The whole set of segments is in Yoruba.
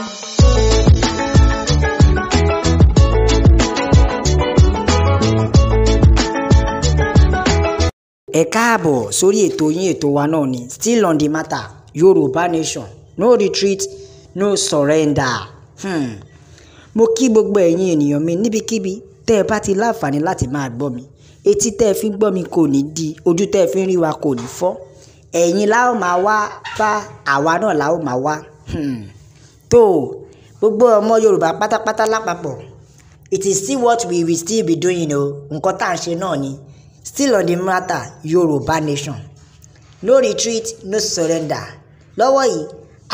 ẹ káàbọ̀ sórí ètò yín ètò wa náà ni still on the matter yorùbá nation no retreat no surrender hmm. mo kí gbogbo ẹ̀yin ènìyàn mi níbikíbi tẹ́ ẹ bá ti láǹfààní láti máa gbọ́ mi etí tẹ́ ẹ fi ń gbọ́ mi kò ní di ojú tẹ́ ẹ fi ń rí wa kò ní fọ́ ẹ̀yin la ó máa wá bá àwa náà la máa wá. Hmm tó gbogbo ọmọ yorùbá pátápátá lápapọ̀ it is still what we will still be doing you know. tá à ń ṣe náà ni still on the matter yorùbá nation no retreat no surrender lọ́wọ́ yìí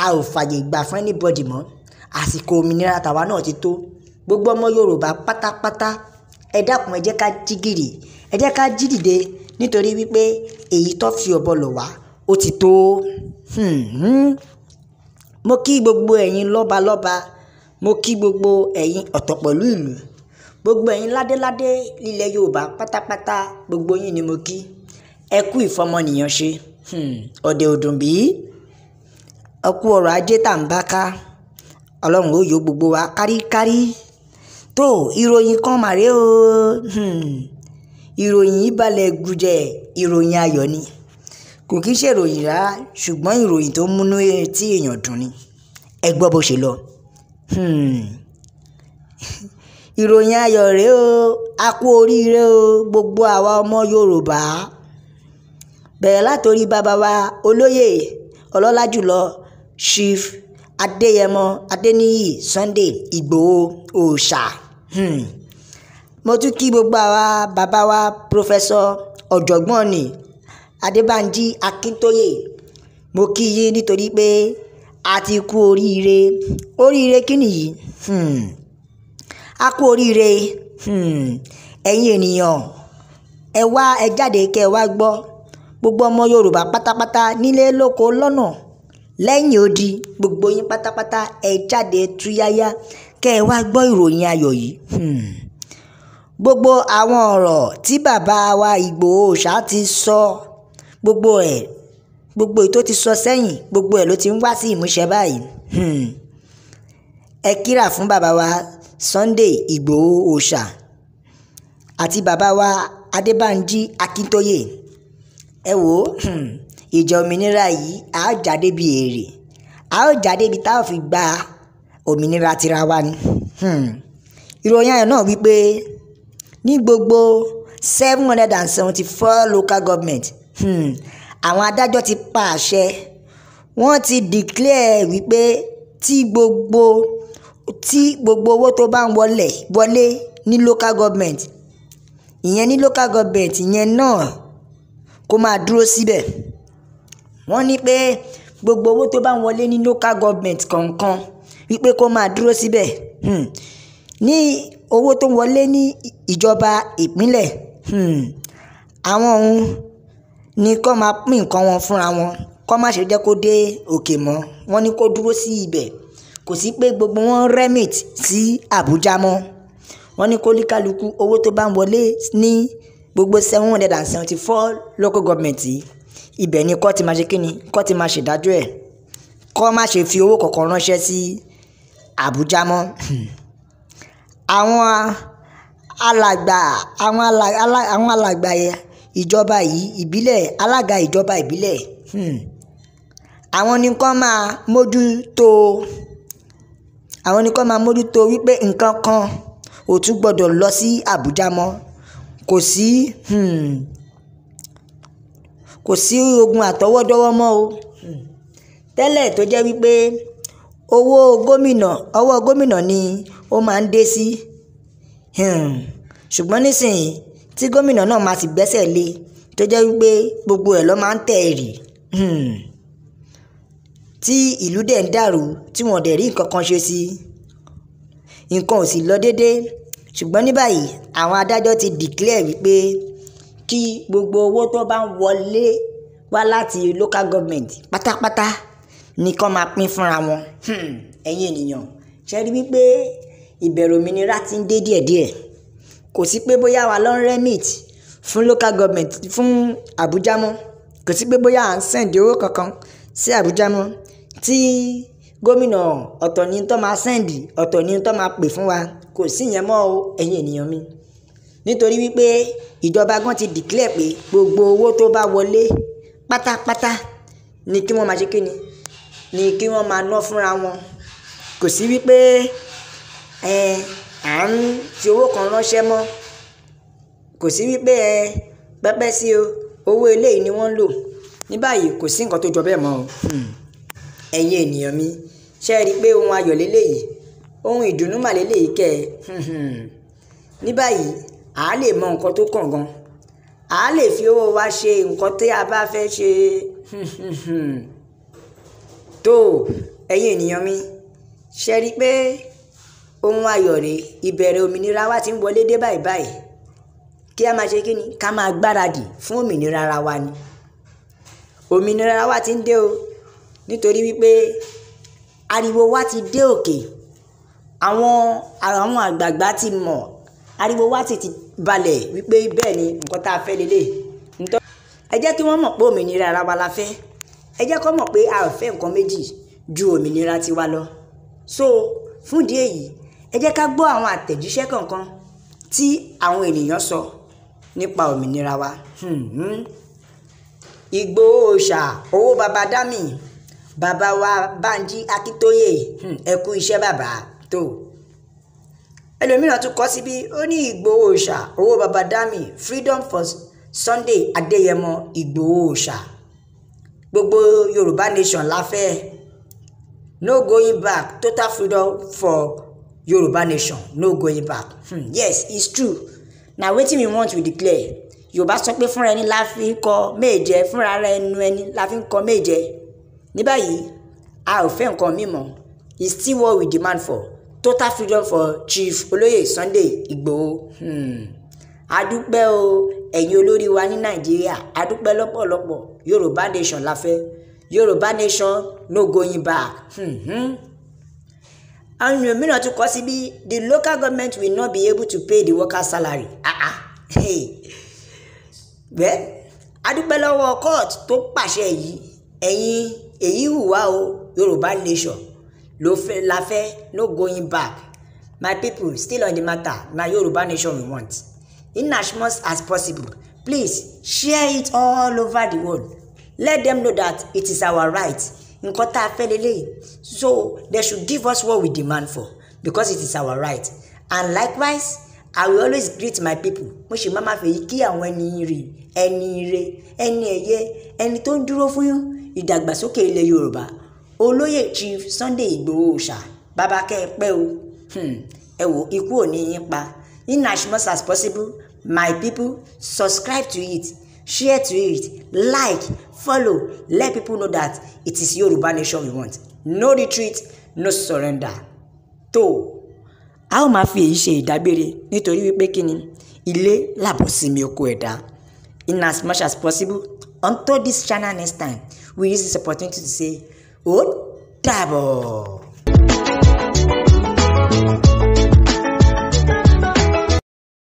a ò fàyè gbà fún anybody mọ́ àsìkò òmìnira tàwa náà ti tó gbogbo ọmọ yorùbá pátápátá ẹ dákun ẹ jẹ́ ká jí gìrì ẹ jẹ́ ká jí dìde nítorí wípé èyí tó fi ọ̀bọ lọ̀ wá ó ti tó. Hmm. hmm mo kí gbogbo ẹ̀yin lọ́balọ́ba mo kí gbogbo ẹ̀yin ọ̀tọ̀pọ̀lú ìlú gbogbo ẹ̀yin ládéládé ilẹ̀ yorùbá pátápátá gbogbo yín ni mo kí ẹ kú ìfọmọnìyàn ṣe hmm, ọ̀dẹ̀ òdùn bí ẹ kú ọrọ̀ ajé tá à ń bá ká ọlọ́run ó yọ gbogbo wa káríkárí tó ìròyìn kan màrè o hmm, ìròyìn ìbalẹ̀ gùjẹ̀ ìròyìn ayọ̀ ni kò kí ń ṣèròyìn rárá ṣùgbọ́n ìròyìn tó múnú etí èèyàn dùn ni ẹ gbọ́ bó ṣe lọ. Hmm. ìròyìn ayọ̀ rèé o a kú oríire o gbogbo àwa ọmọ Yorùbá bẹ̀rẹ̀ látòrí bàbá wa olóyè ọlọ́lá jùlọ chief adéyẹmọ adéníyì sunday ìgbòho òòṣà hmm. mo tún kí gbogbo àwa bàbá wa pòfẹ́sọ ọ̀jọ̀gbọ́n ni adébànjí akíntóyè mo kí yín nítorí pé a ti kú oríire oríire kí nìyí hmm. a kú oríire hmm. ẹ̀yin ènìyàn ẹ wá ẹ jáde kẹ ẹ wá gbọ́ gbogbo ọmọ yorùbá pátápátá nílé lóko lọ́nà lẹ́yìn odi gbogbo yín pátápátá ẹ jáde túyáyá kẹ ẹ wá gbọ́ ìròyìn ayọ̀ yìí. Hmm gbogbo àwọn ọ̀rọ̀ tí bàbá wa Ìgbòho ṣá ti sọ gbogbo ẹ̀ gbogbo èyí tó ti sọ sẹ́yìn gbogbo ẹ̀ ló ti ń wá sí ìmúṣẹ báyìí hmm. ẹ kíra fún bàbá wa Sunday Ìgbòho òòṣà àti bàbá wa Adébánjí Akíntóyè ẹ wò ó hmm, ìjà òmìnira yìí a ó jáde bí èrè a ó jáde bí tá a fi gba òmìnira tira wa ni hmm. ìròyìn ayọ̀ náà wípé ní gbogbo seven hundred and seventy four local government Hmm. àwọn adájọ́ ti pa àṣẹ wọ́n ti declare wípé tí gbogbo tí gbogbo owó tó bá ń wọlé wọlé ní local government ìyẹn ní local government ìyẹn náà kó máa dúró síbẹ̀ wọ́n ní pé gbogbo owó tó bá ń wọlé ní local government kọ̀ọ̀kan wípé kó máa dúró síbẹ̀ hmm. ní owó tó ń wọlé ní ìjọba ìpínlẹ̀ hmm, àwọn ohun ni kán máa pín nǹkan wọn fúnra wọn kán má ṣe jẹ́ kó dé òkè mọ́ wọn ní kó dúró sí ibẹ̀ kò sí pé gbogbo wọn remit sí àbújá mọ́ wọn ní kólíkálukú owó tó bá ń wọlé ní gbogbo seven hundred and seventy four local government yìí ibẹ̀ ni kọ́ ti máa ṣe kíni kọ́ ti máa ṣèdájọ́ ẹ̀ kọ́ má ṣe fi owó kọ̀ọ̀kan ránṣẹ́ sí àbújá mọ́ àwọn alàgbà àwọn alàgbà yẹn ìjọba yìí ìbílẹ̀ alága ìjọba ìbílẹ̀ um àwọn ni kọ́n máa mójútó àwọn ni kọ́n máa mójútó wípé nǹkan kan ò tún gbọdọ̀ lọ sí àbújá mọ́ kò sí um kò sí ogun àtọwọ́dọ́wọ́ mọ́ o um tẹ́lẹ̀ tó jẹ́ wípé owó gómìnà ọwọ́ gómìnà ni ó máa ń dé sí ṣùgbọ́n nísìnyí tí gómìnà náà máa sì gbẹ́sẹ̀ lé e, tó jẹ́ wípé gbogbo ẹ̀ ló máa ń tẹ̀ rì hmm. tí ìlú dẹ̀ ń dàrú tí wọ́n dẹ̀ rí nǹkan kan ṣe sí nǹkan ò sì lọ déédéé ṣùgbọ́n ní báyìí àwọn adájọ́ ti declare wípé kí gbogbo owó tó bá ń wọlé wá láti local government pátápátá ni kán máa pín fúnra wọn hmm. ẹ̀yin ènìyàn ṣe rí wípé ìbẹ̀rù òmìnira ti ń dé díẹ̀díẹ̀ kò sí pé bóyá wa ló ń remit fún local government fún Abuja mọ́ kò sí pé bóyá à ń sẹ́ǹdì owó kankan sí Àbújá mọ́ tí gómìnà ọ̀tọ̀ ni tó máa sẹ́ǹdì ọ̀tọ̀ ni tó máa pè fún wa kò sí ìyẹn mọ́ ẹ̀yin ènìyàn mi nítorí wípé ìjọba gan ti declare pé gbogbo owó tó bá wọlé pátápátá ni kí wọ́n máa ṣe kíni ni kí wọ́n máa ná fúnra wọn kò sí wípé ẹ̀ eh, à ń fi owó kan ránṣẹ́ mọ́ kò sí wípé ẹ pẹ́pẹ́ sí o owó eléyìí ni wọ́n ń lò ní báyìí kò sí nǹkan tó jọ bẹ́ẹ̀ mọ́ o hmm. ẹ̀yin ènìyàn mi ṣe rí i pé ohun ayọ̀ lélẹ́yìí ohun ìdùnnú mà lélẹ́yìí kẹ́ ẹ ní báyìí àá lè mọ nǹkan tó kàn gan àá lè fi owó wa ṣe nǹkan tí a bá fẹ́ ṣe tó ẹ̀yin ènìyàn mi ṣe rí i pé ohun ayọ̀ rèé ìbẹ̀rẹ̀ òmìnira wa ti ń wọlé dé báyìí báyìí kí a máa ṣe kí ni ká máa gbáradì fún òmìnira ara wa ni òmìnira wa ti ń dé o nítorí wípé ariwo wa ti dé òkè àwọn àwọn àgbààgbà ti mọ̀ ariwo wa ti ti balẹ̀ wípé bẹ́ẹ̀ ni nǹkan tá a fẹ́ lélẹ̀ ẹ jẹ́ kí wọ́n mọ̀ pé òmìnira ara wa la fẹ́ ẹ jẹ́ kó mọ̀ pé a ò fẹ́ nǹkan méjì ju òmìnira tiwa lọ so fún ìdí èyí ẹ jẹ́ ká gbọ́ àwọn àtẹ̀jíṣẹ́ kọ̀ọ̀kan tí àwọn ènìyàn sọ nípa òmìnira wa. Ìgbòho hmm. Òòṣà owó baba dámì bàbá wa Bánjí Akíntóyè hmm. ẹ kú iṣẹ́ bàbá tó. ẹlòmíràn tún kọ́ síbí ó ní Ìgbòho Òòṣà owó baba dámì freedom for Sunday Adéyẹmọ Ìgbòho Òòṣà gbogbo Yorùbá nation la no going back total freedom for yoruba nation no going back hmm, yes it's true na wetin we want we declare yorùbá sọ pé fúnra ẹni la fi ń kọ méje fúnra ara ẹnu ẹni la fi ń kọ méje ní báyìí a ò fẹ́ nǹkan mímọ́ is still what we demand for total freedom for chief olóyè sunday igbòho hmm. adúpẹ́ o ẹ̀yin olórí wa ní nàìjíríà adúpẹ́ lọ́pọ̀lọpọ̀ yorùbá nation la fẹ́ yorùbá nation no going back. Hmm, hmm. And èèyàn mìíràn tún to sí the local government will not be able to pay the worker salary ah ah hey well adúpẹ́ lọ́wọ́ court tó pàṣẹ yìí ẹ̀yin èyí hùwà o Yorùbá nation ló fẹ́ la fẹ́ no going back my people still on the matter na Yorùbá nation we want in as much as possible please share it all over the world let them know that it is our right nǹkan tá a fẹ́ lélẹ́yìí so they should give us what we demand for because it is our right and likewise I will always greet my people mo ṣe máa ma fèyí kí àwọn ẹni ire ẹni ire ẹni ẹ̀yẹ ẹni tó ń dúró fún ìdàgbàsókè ilẹ̀ Yorùbá olóyè Chief Sunday Igboho Oòṣà bàbá kẹ́ ẹ pẹ́ o hmm, ẹ wò ikú ò ní yín pa in as much as possible my people subscribe to it share to it like follow let people know that it is yoruba nation we want no retreat no surrender tó a ó máa fi èyí ṣe ìdágbére nítorí wípé kí ni ilé làbọ̀ sinmi oko ẹ̀dá in as much as possible until this channel next time we use this opportunity to say ó dàbọ̀. thank you